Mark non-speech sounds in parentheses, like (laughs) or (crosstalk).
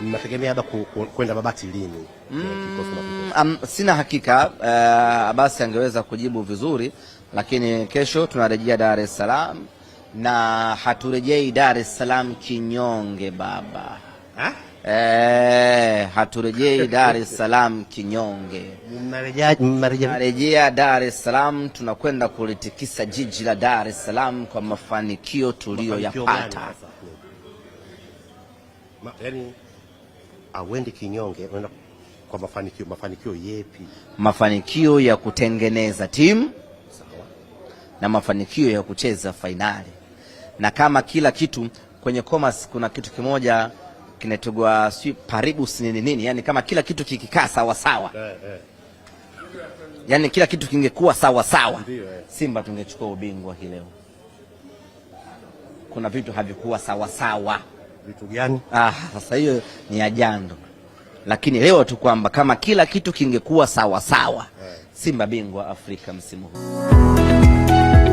mnategemea labda kwenda Babati lini? Mm, um, sina hakika uh, eh, Abasi angeweza kujibu vizuri, lakini kesho tunarejea Dar es Salaam na haturejei Dar es Salaam kinyonge baba ha? Eh, haturejei (laughs) Dar es Salaam kinyonge, tunarejea Dar es Salaam, tunakwenda kulitikisa jiji la Dar es Salaam kwa mafanikio tuliyoyapata auendi kinyonge, kwa mafanikio. Mafanikio yepi? Mafanikio ya kutengeneza timu na mafanikio ya kucheza fainali. Na kama kila kitu kwenye commerce, kuna kitu kimoja kinatugwa si paribus nini nini, yani kama kila kitu kikikaa sawasawa eh, eh. Yani kila kitu kingekuwa sawasawa eh. Simba tungechukua ubingwa hii leo. Kuna vitu havikuwa sawasawa. Vitu gani? Ah, sasa hiyo ni ajando, lakini leo tu kwamba kama kila kitu kingekuwa sawasawa, eh. Simba bingwa Afrika msimu huu.